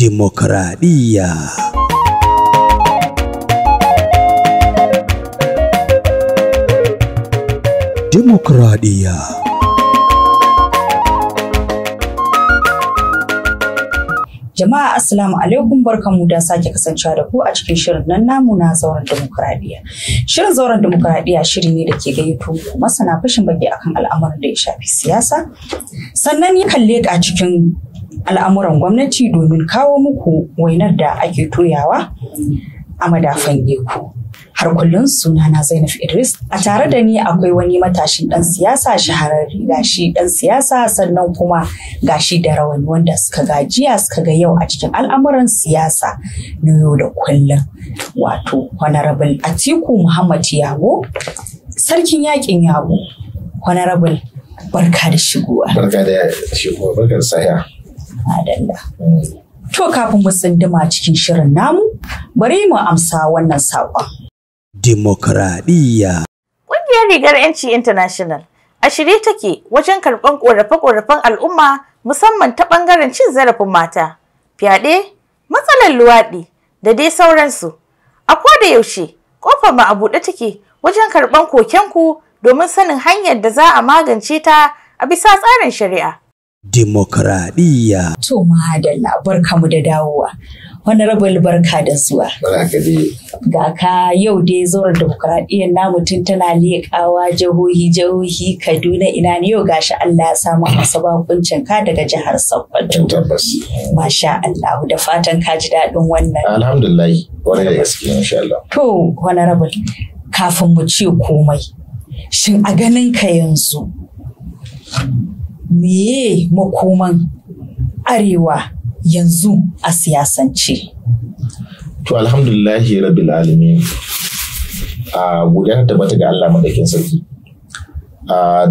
dimokuraɗiyya. Dimokuraɗiyya Jama'a Assalamu alaikum mu da sake kasancewa da ku a cikin shirin nan namu na zauren demokuraɗiyya. Shirin zauren demokuraɗiyya shiri ne da ke gayyato masana fashin baki akan al'amuran da ya shafi siyasa. Sannan ya kalle a cikin al'amuran gwamnati domin kawo muku wainar da ake toyawa a madafan geku. Har kullum sunana Zainab Idris. A tare da ni akwai wani matashin ɗan siyasa shahararri gashi ɗan siyasa sannan kuma gashi da rawani wanda suka gajiya suka ga yau a cikin al'amuran siyasa na yau da kullum. Wato Honorable Atiku Muhammad Yabo, Sarkin Yaƙin Yabo, Honorable Barka da shigowa. Barka da shigowa, barka da saya. To kafin mu tsindima cikin shirin namu, bari mu amsa wannan saƙon. Dimokuraɗiyya. Ƙungiyar Rigar 'Yanci International a shirye take wajen karɓar ƙorafe-ƙorafen al'umma musamman ta ɓangaren cin zarafin mata, fyaɗe, matsalar luwaɗi da dai sauransu. A da yaushe, ƙofar mu a buɗe take wajen karɓar kokenku domin sanin hanyar da za a magance ta a bisa tsarin shari'a. Dimokuraɗiyya. To mahadalla barka mu da dawowa. Wani rabin barka da zuwa. Ga ka yau dai zauren dimokuraɗiyyar na mutum tana leƙawa jihohi jihohi Kaduna ina ne yau gashi Allah ya samu asaba kuncin ka daga jihar Sokoto. Masha Allah da fatan ka ji daɗin wannan. Alhamdulillah wani da gaske insha Allah. To wani rabin kafin mu ce komai. Shin a ganin ka yanzu meye makoman arewa yanzu a siyasance? To alhamdulillahi rabbil alamin a gudanar da bata ga Allah maɗaukin sarki.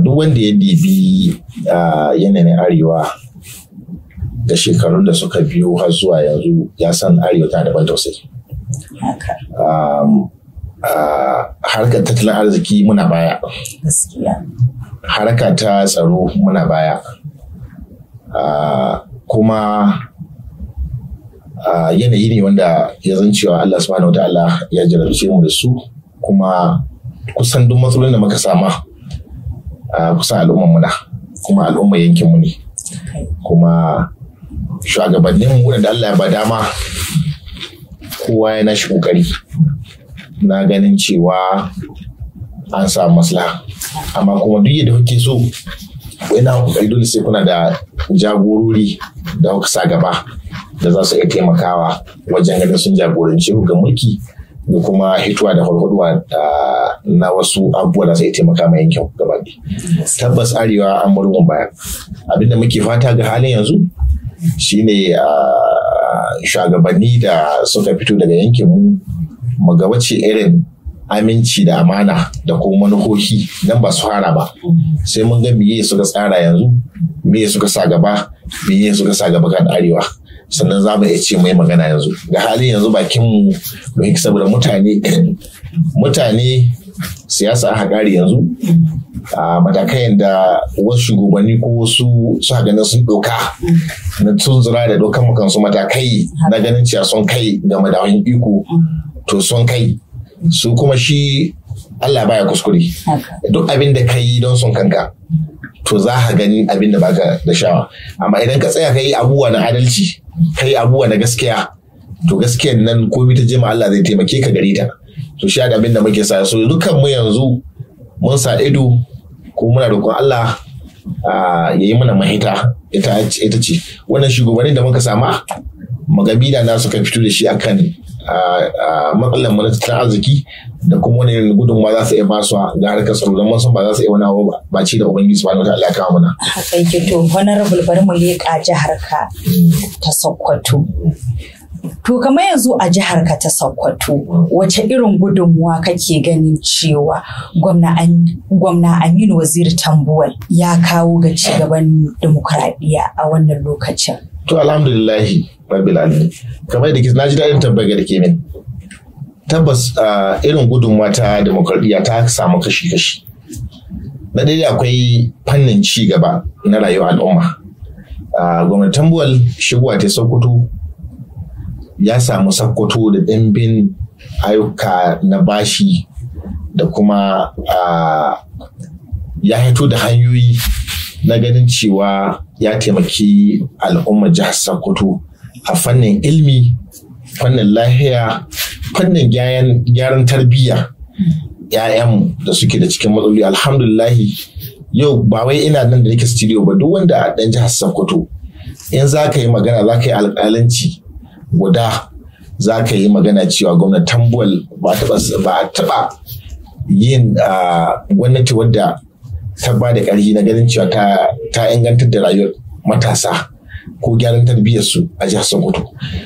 Duk wanda ya dibi yanayin arewa da shekarun da suka biyo har zuwa yanzu ya san arewa ta daban tausayi. Harkar tattalin arziki muna baya. Gaskiya. harka ta tsaro muna baya ah, kuma ah, yanayi ne wanda ya zan cewa Allah subhanahu ta'ala ya jarabce mu da su kuma kusan duk matsalolin da muka sama ah, kusan al'ummar muna kuma al'ummar yankin mu ne kuma shugabannin mu da Allah ya ba dama kowa ya nashi kokari na ganin cewa an samu maslaha amma kuma duk yadda kuke so ina kokari dole sai kuna da jagorori da kuka sa gaba da za su iya taimakawa wajen ganin sun jagoranci ga mulki da kuma hituwa da hulhuduwa ah, na wasu abubuwa da sai taimaka mai yankin gaba tabbas arewa an bar mu baya abinda muke fata ga halin yanzu shine ah, shugabanni da suka fito daga yankin mu mu ga wace irin aminci da amana da kuma manuhohi nan ba su fara ba sai mun ga miye suka tsara yanzu miye suka sa gaba miye suka sa gaba kan arewa sannan za mu iya ce mai magana yanzu ga halin yanzu bakin mu don saboda mutane mutane siyasa aka kare yanzu a matakai da wasu shugabanni ko wasu su ganin sun doka na tunzura da dokan makansu matakai na ganin cewa sun kai ga da iko to sun kai su kuma shi Allah baya kuskure duk abin da ka yi don son kanka to za ka gani abin da baka da shawa amma idan ka tsaya ka yi abubuwa na adalci ka yi abubuwa na gaskiya to gaskiyan nan komai ta jima Allah zai taimake ka gare ta to shi da abin da muke sa so dukkan mu yanzu mun sa ido ko muna roƙon Allah ah, ya yi mana mahita ita ce wannan shugabannin da muka sama magabila na suka fito da shi akan matsalar mu arziki da kuma wani gudunmawa za su iya basuwa ga harkar tsaro don sun ba za su iya wani abu ba ci da ubangiji subhanahu wataala ya kawo mana hakan ki to honorable bari mu leƙa jihar ka ta Sokoto To kamar yanzu a jihar ka ta Sokoto wace irin gudunmuwa kake ganin cewa gwamna Aminu Waziri Tambuwal ya kawo ga gaban dimokuraɗiyya a wannan lokacin? To alhamdulillahi rabbil alamin kamar da na ji daɗin tambayar da ke min tabbas irin gudunmawa ta demokradiyya ta samu kashi-kashi na ɗaya akwai fannin ci gaba na rayuwar al'umma gwamnatin buwal shigowa ta sokoto ya samu sokoto da ɗimbin ayyuka na bashi da kuma ya hito da hanyoyi na ganin cewa ya taimaki al'ummar jihar sokoto a fannin ilmi fannin lahiya fannin gyaran tarbiyya ‘ya'yan da suke da cikin matsaloli alhamdulillahi yau ba wai ina nan da nake studio ba duk wanda a ɗan jihar Sokoto in za ka yi magana za ka yi alƙalanci guda za ka yi magana cewa gwamnati tambuwal ba a taɓa yin ah, gwamnati wadda ta ba da ƙarfi na ganin cewa ta ingantar da rayuwar matasa ko gyaran tarbiyyar su a jihar Sokoto.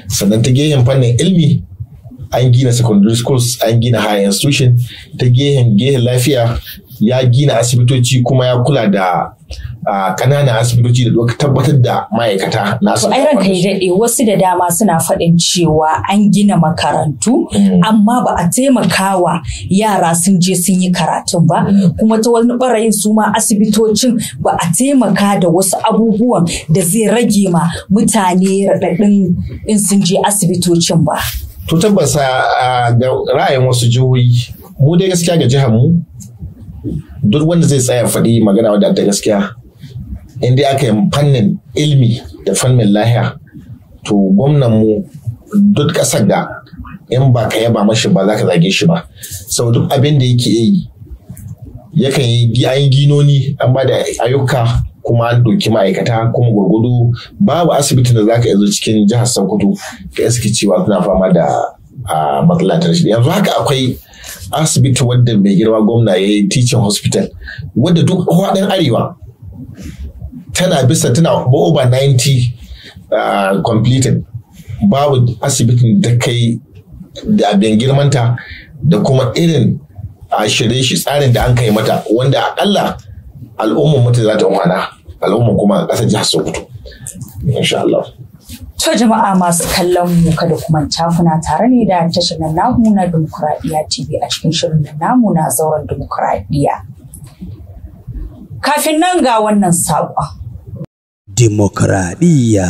Sannan ta gehen fannin ilmi an gina secondary schools an gina higher institution ta gehen gehen lafiya ya gina asibitoci kuma ya kula da a kananan asibitoci da duka tabbatar da ma'aikata na su. Ai ranka ya daɗe wasu da dama suna faɗin cewa an gina makarantu mm. amma ba a taimakawa yara sun je sun yi karatun ba mm. kuma ta wani ɓarayin su ma asibitocin ba a taimaka da wasu abubuwan da zai rage ma mutane raɗaɗin in sun je asibitocin ba. To tabbasa ga ra'ayin wasu jihohi mu dai gaskiya ga jihar mu duk wanda zai tsaya faɗi magana wadda ta gaskiya in dai aka yi fannin ilmi da fannin lahiya to gwamnan mu duk ƙasar da in ba ka yaba mashi ba za ka zage shi ba sau duk abin da yake yi yakan yi an yi ginoni an ba da ayyuka kuma an doki ma'aikata kuma gwargwado babu asibitin da za ka yanzu cikin jihar sokoto ka suke cewa suna fama da matsalatar shi. yanzu haka akwai asibiti wadda mai girma gwamna ya yi teaching hospital wadda duk ɗan arewa tana bisa tana over 90 uh, completed babu asibitin da kai da abin girmanta da kuma irin a uh, shirye shi tsarin da an kai mata wanda akalla al'ummar mutu za ta umana al'ummar kuma kasar jihar Sokoto insha Allah To jama'a masu kallon mu da kuma tafuna tare ne da tashar namu na demokuraɗiyya TV a cikin shirin na namu na zauren demokuraɗiyya Kafin nan ga wannan saƙon. dimokuraɗiyya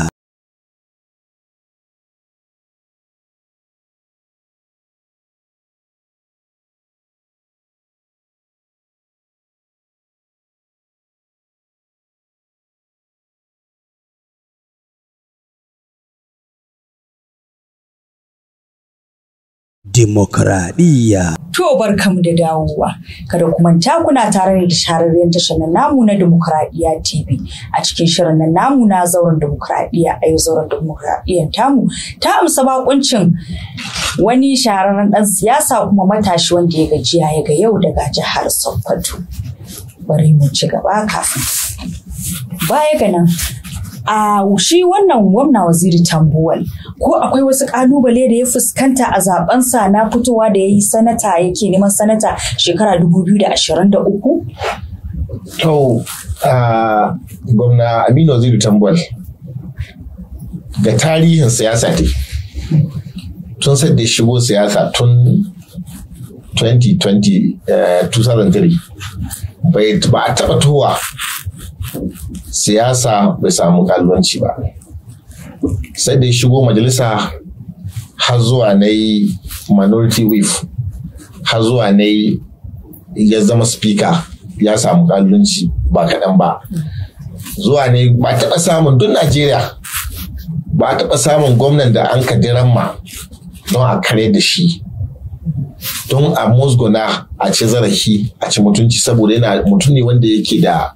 dimokuraɗiyya. To barkamu da dawowa, kada ku manta kuna tare da shahararren tashar namu na dimokuraɗiyya TV a cikin shirin na namu na zauren dimokuraɗiyya a yau zauren dimokuraɗiyyar tamu ta amsa bakuncin wani shahararren ɗan siyasa kuma matashi wanda ya gajiya ya ga yau daga jihar Sokoto. Bari mu ci gaba kafin. Baya ga nan a shi wannan gwamna waziri tambuwal ko akwai wasu kalubale da ya fuskanta a zabensa na fitowa da ya yi sanata yake neman sanata shekara 2023? To, gwamna Aminu Waziri Tambuwal ga tarihin siyasa ne. Tun sai da shigo siyasa tun 2020, 2003 eh, bai ba a taɓa towa siyasa bai samu kalwanci ba sai da ya shigo majalisa har zuwa na yi minority whip har zuwa na yi ya zama speaker ya samu kalwanci ba kaɗan ba zuwa ne ba taɓa samun duk najeriya ba taɓa samun gwamnan da an kadiran ma don a kare da shi don a musguna a ci zarafi a ci mutunci saboda yana mutum ne wanda yake da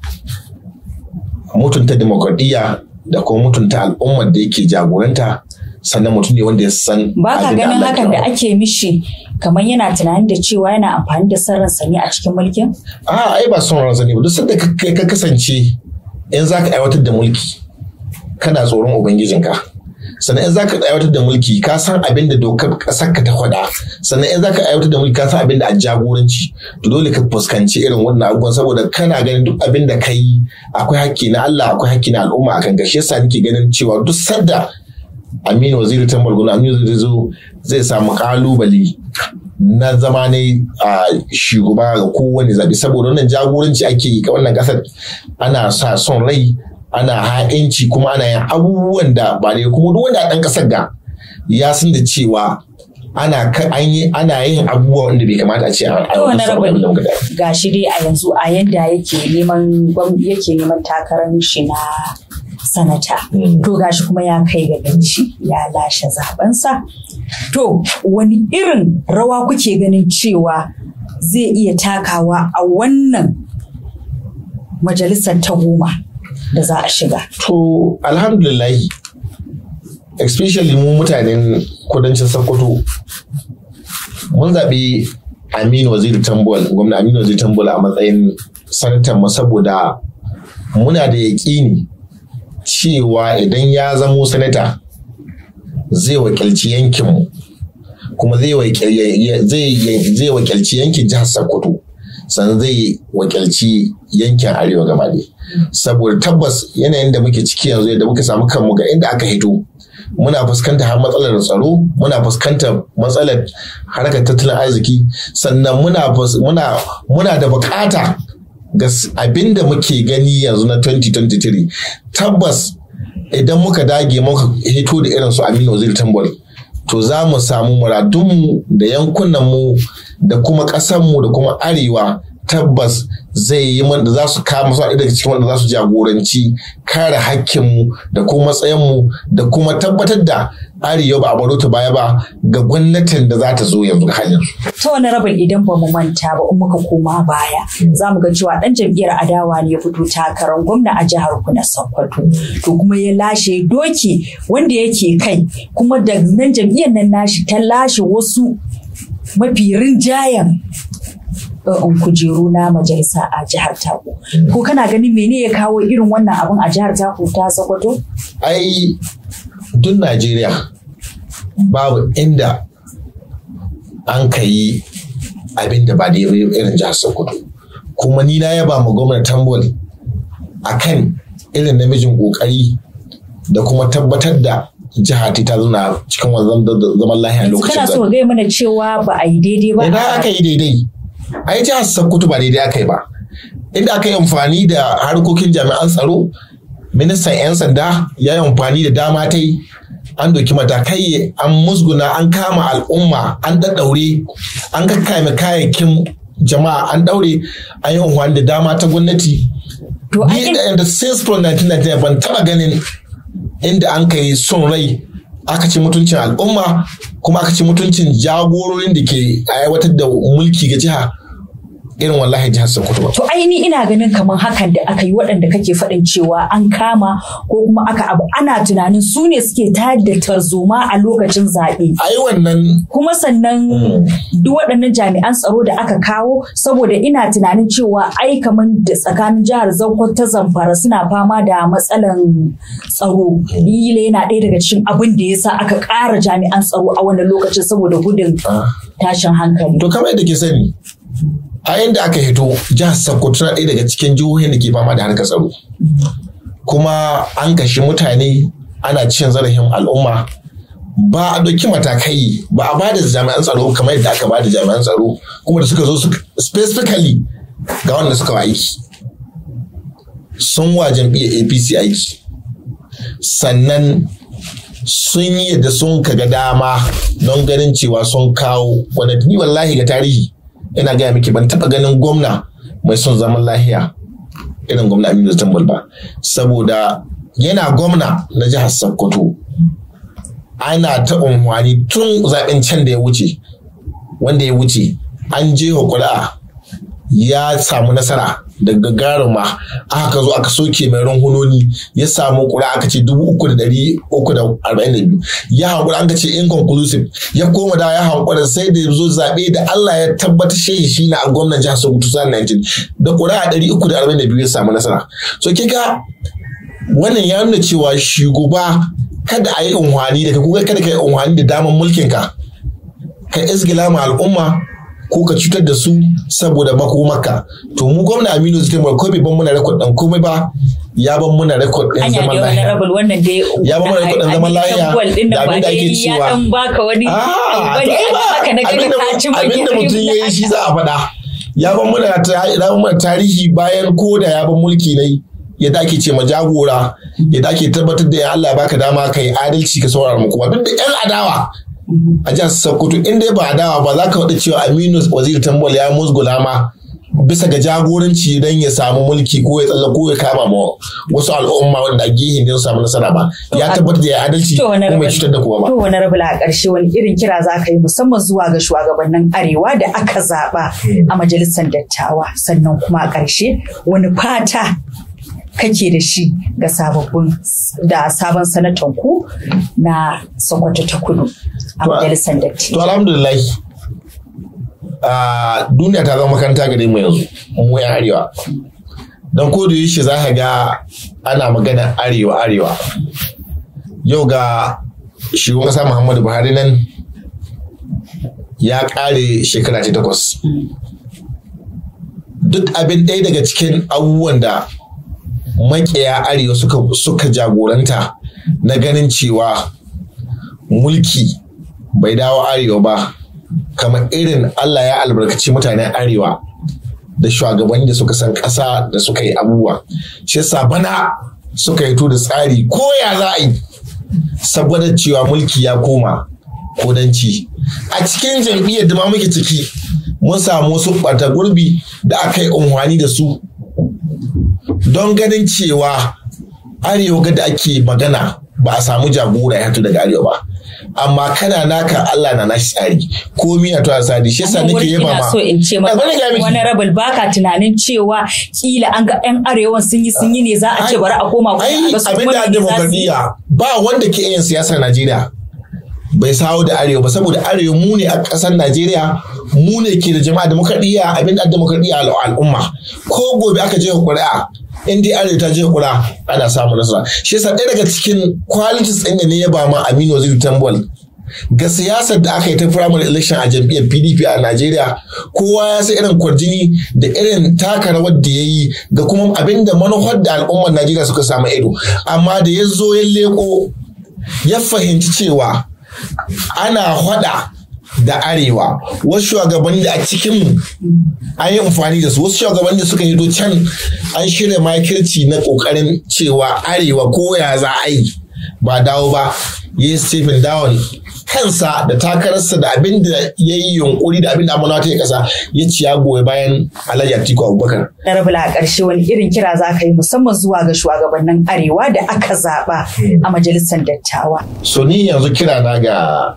mutunta demokradiyya da kuma mutunta al'ummar da yake jagoranta sannan mutum ne wanda ya san ba ka ganin hakan da ake mishi kamar yana tunanin da cewa yana amfani da son ransa a cikin mulkin a ai ba son ransa ne ba duk sanda ka kasance in za ka aiwatar da mulki kana tsoron ubangijinka sannan in zaka aiwatar da mulki ka san abin da dokar kasar ka ta faɗa sannan in zaka aiwatar da mulki ka san abin da a jagoranci to dole ka fuskanci irin wannan abubuwan saboda kana ganin duk abin da ka yi akwai hakki na Allah akwai hakki na al'umma akan gashi yasa nake ganin cewa duk sanda Aminu Waziri ta malguna Aminu zai zo zai samu kalubale na zama ne a shugaba ga kowane zaɓe saboda wannan jagoranci ake yi ga wannan ƙasar ana sa son rai ana ha'inci kuma ana yin abubuwan da ba ne kuma duk wanda ɗan ƙasar ga ya san da cewa ana an yi ana yin abubuwa wanda bai kamata a ce an ga shi dai a yanzu a yanda yake neman yake neman takarar shi na sanata hmm. to gashi kuma ya kai ga ganci ya lashe zabensa to wani irin rawa kuke ganin cewa zai iya takawa a wannan majalisar ta goma da za a shiga? To, alhamdulillahi, especially mu mutanen kudancin Sokoto, mun zaɓi Aminu Waziri Tambol, gwamna Aminu Waziri Tambol a matsayin sanatan mu saboda muna da yaƙini cewa idan ya zamo sanata zai wakilci yankinmu kuma zai wakilci yankin jihar Sokoto sannan zai wakilci yankin Arewa gaba saboda tabbas yanayin da muke ciki yanzu yadda muka samu kanmu ga inda aka hito muna fuskanta har matsalar tsaro muna fuskanta matsalar harkar tattalin arziki sannan muna da bukata ga abin da muke gani yanzu na 2023 tabbas idan muka dage muka hito da irin su Aminu Wazir Tambol to za mu samu muradunmu da yankunanmu da kuma ƙasanmu da kuma arewa tabbas zai yi da za su kama su daga cikin wanda za su jagoranci kare hakkinmu da kuma matsayinmu da kuma tabbatar da arewa ba a baro ta baya ba ga gwamnatin da za ta zo yanzu hanyar su. Ta wani rabin idan ba mu manta ba in muka koma baya za mu ga cewa dan jam'iyyar adawa ne ya fito takarar gwamna a jihar ku na Sokoto to kuma ya lashe doki wanda yake kai kuma da nan jam'iyyar nan nashi ta lashe wasu mafi rinjayen kujeru na majalisa a jihar taku. Ko kana ganin mene ya kawo irin wannan abin a jihar taku ta Sokoto? Ai duk Najeriya babu inda an ka yi abin da ba daidai irin jihar Sokoto. Kuma ni na yaba ma gwamnati Tambol akan irin namijin kokari da kuma tabbatar da jihar ta zauna cikin zaman lahiya lokacin da. Kana so ga mana cewa ba a yi daidai ba. Idan aka yi daidai. ai jihar Sokoto ba daidai aka yi ba inda aka yi amfani da harkokin jami'an tsaro ministan 'yan sanda ya yi amfani da dama ta yi an doki matakai an musguna an kama al'umma an daddaure an kakkame kayayyakin jama'a an daure an yi amfani da dama ta gwamnati ni da since from 1999 ban taɓa ganin inda an kai son rai aka ci mutuncin al'umma kuma aka ci mutuncin jagororin da ke aiwatar da mulki ga jiha irin wallahi jihar Sokoto ba. To aini ina ganin kamar hakan da aka yi waɗanda kake faɗin cewa an kama ko kuma aka abu ana tunanin su ne suke tayar da tarzoma a lokacin zaɓe. Ai wannan. Kuma sannan mm. duk waɗannan jami'an tsaro da aka kawo saboda ina tunanin cewa ai kamar da tsakanin jihar Zanko ta Zamfara suna fama da matsalan tsaro. Yile mm. yana ɗaya daga cikin abin da ya sa aka ƙara jami'an tsaro a wannan lokacin saboda gudun ah. tashin hankali. To kamar yadda ke sani a inda aka hito jihar Sokoto na ɗaya daga cikin jihohin da ke fama da harkar tsaro kuma an kashe mutane ana cin zarafin al'umma ba a ɗauki matakai ba a bada jami'an tsaro kamar yadda aka bada jami'an tsaro kuma da suka zo su specifically ga wanda suka wa aiki sun wa jam'iyyar apc aiki sannan sun yi yadda sun kaga dama don ganin cewa sun kawo Wani wallahi ga tarihi ina gaya miki ban taɓa ganin gwamna mai son zaman lahiya irin gwamna Aminu Tambul ba saboda yana gwamna na jihar Sokoto ana ta unhwani tun zaɓen can da ya wuce wanda ya wuce an je kuri'a ya samu nasara da ma aka zo aka soke mai runhunoni ya samu kura aka ce dubu uku da dari uku da arba'in da biyu ya hankura aka ce inconclusive ya koma da ya hankura sai da zo zaɓe da Allah ya tabbata shi shi na a gwamnan jihar Sokoto 2019 da kura dari uku da arba'in da biyu ya samu nasara so kika wannan ya nuna cewa shugaba kada a yi unhwani da ka kuka kada ka yi unhwani da daman mulkinka ka izgila ma al'umma ko ka cutar da su saboda makomaka to mu gwamna Aminu zai taimaka ko bai ban muna rekod ɗin komai ba ya ban muna rekod ɗin zaman lahiya ya ban muna rekod ɗin zaman lahiya da abin da ake cewa ah, abin da mutum ya yi shi za a faɗa ya ban muna tarihi bayan ko da ya ban mulki ne yadda ake ce ma jagora yadda ake tabbatar da ya Allah baka dama kai adalci ka saurara mu kuma duk da yan adawa a jihar Sokoto in dai ba dawa ba za ka faɗi cewa Aminu Waziri Tambol ya musgula ma bisa ga jagoranci don ya samu mulki ko ya tsalla ko ya kama ma wasu al'umma wanda a gihin din samu nasara ba ya tabbatar da ya adalci kuma ya cutar da kowa ba. To wani rabu a ƙarshe wani irin kira za ka yi musamman zuwa ga shugabannin arewa da aka zaɓa a majalisar dattawa sannan kuma a ƙarshe wani fata kake da shi ga sababbin da sabon sanatan ku na Sokoto ta Kudu a majalisar dattijo. To alhamdulillah duniya ta zama makaranta gare mu yanzu mu yan arewa. Don ko da za ka ga ana magana arewa arewa. Yau ga shugaban kasa Muhammadu Buhari nan ya kare shekara ta takwas. Duk abin ɗaya daga cikin abubuwan da makiya arewa suka, suka jagoranta na ganin cewa mulki bai dawo arewa ba kamar irin Allah ya albarkaci mutanen arewa da shugabanni da suka san ƙasa da suka yi abubuwa shi bana suka yi da tsari ko ya za a yi saboda cewa mulki ya koma kodanci a cikin jam'iyyar da ma muke ciki mun samu wasu ɓata gurbi da aka yi unhwani da su don ganin cewa arewa ga da ake magana ba a samu jagora ya daga arewa ba amma kana naka Allah na nashi tsari ko miya to Sadi shi yasa nake yaba ma so in ce ma. wani rabul baka tunanin cewa kila an ga yan arewan sun yi sun yi ne za a ce bari a koma ko su kuma ba wanda ke yin siyasa Najeriya bai sawo da arewa ba saboda arewa mu ne a ƙasar najeriya mu ne ke da jama'a demokradiyya abin da demokradiyya al'umma ko gobe aka je ƙuri'a in dai arewa ta je ƙuri'a ana samun nasara shi yasa ɗaya daga cikin qualities ɗin da ne ya ba ma aminu waziri tambol ga siyasar da aka yi ta primary election a jam'iyyar pdp a najeriya kowa ya sai irin kwarjini da irin taka rawar da ya yi ga kuma abin da manufar da al'ummar najeriya suka samu ido amma da ya zo ya leko ya fahimci cewa ana hada da arewa wasu shugabanni da a cikin an yi amfani da su wasu shugabanni da suka yi can an shirya makirci na kokarin cewa arewa ko ya za a yi ba dawo ba yi stephen down kansa da takararsa da abin da ya yi yunkuri da abin da amana ta yi kasa ya ci ya goyi bayan alhaji atiku abubakar. na rabula a ƙarshe wani irin kira za ka yi musamman zuwa ga shugabannin arewa da aka zaɓa a majalisar dattawa. so ni yanzu kira na ga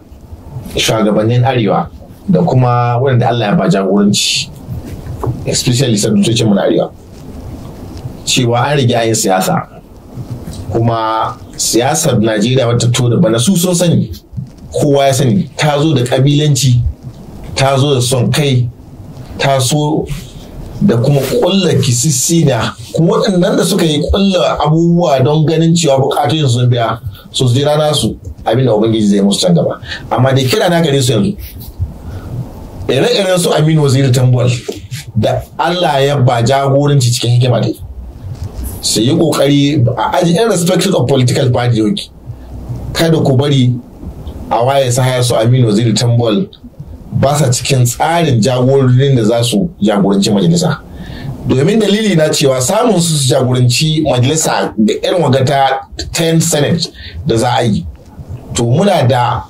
shugabannin arewa da kuma wanda allah ya ba jagoranci especially sanatocin mu na arewa cewa an riga yin siyasa kuma siyasar najeriya wata to da bana su sun sani kowa ya sani ta zo da kabilanci ta zo da son kai ta so da kuma kulla kisissina kuma waɗannan da suka yi kulla abubuwa don ganin cewa bukatun sun biya su ji rana su abin da ubangiji zai musu can gaba amma da kira na gare su yanzu ire-iren su aminu waziri tambol da allah ya ba jagoranci cikin hikima dai su yi kokari a ajiyar respected of political party kada ku bari a waye su haya su aminu waziri tambol ba sa cikin tsarin jagororin da za su jagoranci majalisa domin dalili na cewa samun su su jagoranci majalisa da irin wagata 10 senate da za a yi to muna da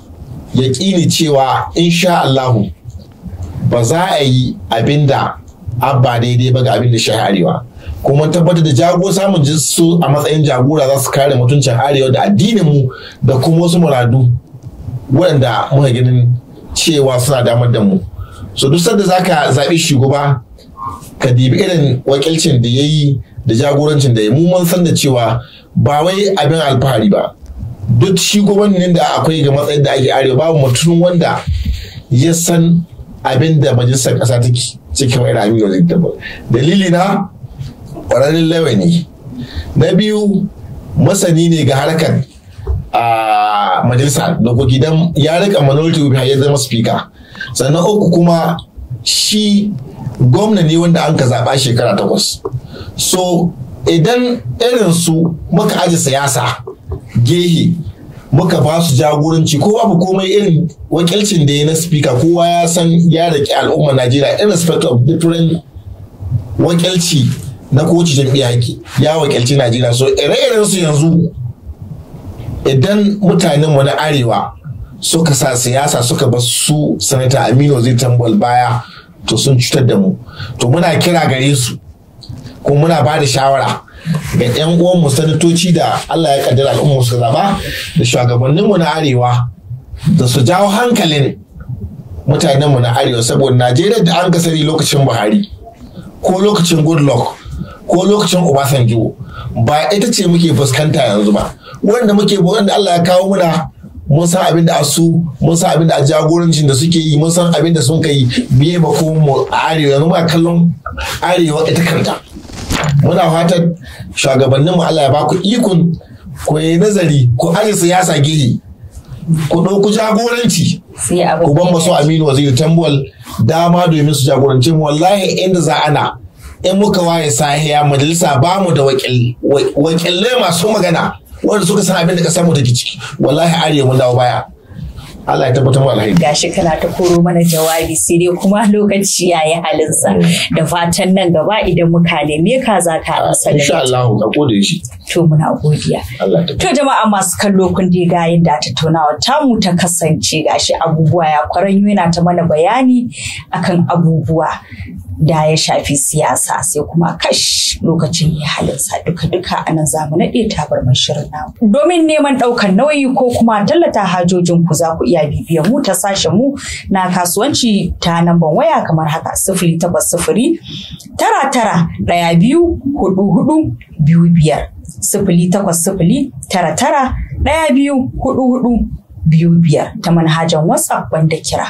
yaƙini cewa insha Allahu ba za a yi abin da abba daidai ba ga abin da shi arewa kuma tabbatar da jago samun jinsu a matsayin jagora za su kare mutuncin arewa da addinin mu da kuma wasu muradu waɗanda muka ganin cewa suna damar da mu so duk sanda za ka zaɓi shugaba ka dibi irin wakilcin da ya yi da jagorancin da ya mu mun san da cewa ba wai abin alfahari ba duk shugabannin da akwai ga matsayin da ake arewa babu mutum wanda ya san abin da majalisar ƙasa take cikin wani rami da dalili na ƙwararren lawani na biyu masani ne ga harkar a majalisa dokoki don ya rika minority whip ya zama speaker sannan uku kuma shi gwamna ne wanda an ka zaɓa shekara takwas so idan irin su muka aji siyasa gehe muka ba su jagoranci ko babu komai irin wakilcin da ya na speaker kowa ya san ya rike al'ummar najeriya irrespective of different wakilci na kowace jam'iyya ya wakilci najeriya so ire-iren su yanzu idan mutanen wani arewa suka sa siyasa suka ba su sanata aminu zai tambal baya to sun cutar da mu to muna kira gare su kuma muna ba da shawara ga 'yan uwanmu sanatoci da allah ya kaddara al'umma su zaba da shugabannin mu na arewa da su jawo hankalin mutanenmu na arewa saboda najeriya da an gasari lokacin buhari ko lokacin goodluck ko lokacin obasanjo ba ita ce muke fuskanta yanzu ba wanda muke wanda Allah ya kawo muna mun san abin da su mun san abin da a jagorancin da suke yi mun san abin da sun kai biye ba ko mu arewa yanzu ba kallon arewa ita kanta muna fatan shugabannin mu Allah ya baku ikon ku yi nazari ku aje siyasa gehe ku ɗauku jagoranci ku ban su aminu waziri tambuwal dama domin su jagorance mu wallahi inda za ana in muka waye sahiya majalisa ba mu da wakilai masu magana wanda suka san abin da kasar mu take ciki wallahi arewa mun dawo baya Allah ya tabbatar wa alhaji. Gashi kana ta koro mana jawabi sai dai kuma lokaci ya yi halinsa da fatan nan gaba idan muka neme ka za ka amsa da Insha Allah ka gode shi. To muna godiya. To jama'a masu kallo kun dai ga yadda tattaunawa mu ta kasance gashi abubuwa ya kwaran yana ta mana bayani akan abubuwa da ya shafi siyasa sai kuma kash lokacin ya halinsa duka-duka a nan zamu naɗe tabarmar shirin na Domin neman ɗaukar nauyi ko kuma tallata hajojin ku za ku iya bibiyar mu ta sashen mu na kasuwanci ta namban waya kamar haka sifili takwas sifiri tara tara ɗaya biyu hudu hudu biyu biyar sifili takwas tara tara ɗaya biyu hudu hudu biyu biyar ta manhajan WhatsApp wanda kira.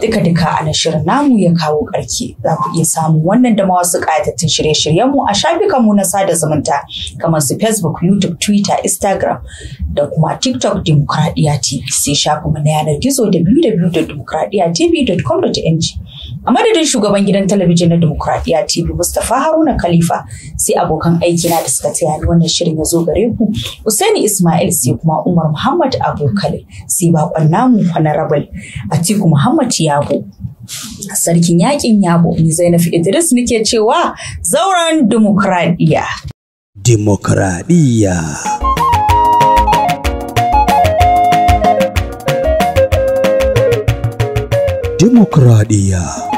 Duka-duka a na shirin namu ya kawo ƙarki. Za ku iya samun wannan da wasu ƙayatattun shirye-shiryenmu a mu na sada zumunta kamar su Facebook, YouTube, Twitter, Instagram da kuma TikTok Dimokuraɗiyya TV sai shafinmu na yanar gizo da www.dimokuraɗiyyatv.com.ng. A madadin shugaban gidan talabijin na Dimokuraɗiyya TV Mustapha Haruna Khalifa sai abokan aiki na da suka taya ni wannan shirin ya zo gare ku Usaini Ismail sai kuma Umar Muhammad Abu sai bakon namu honorable Atiku Muhammad Yabo. Sarkin yakin Yabo ni Zainab Idris nake cewa zauren demokradiyya. Demokradiyya. Demokradiyya.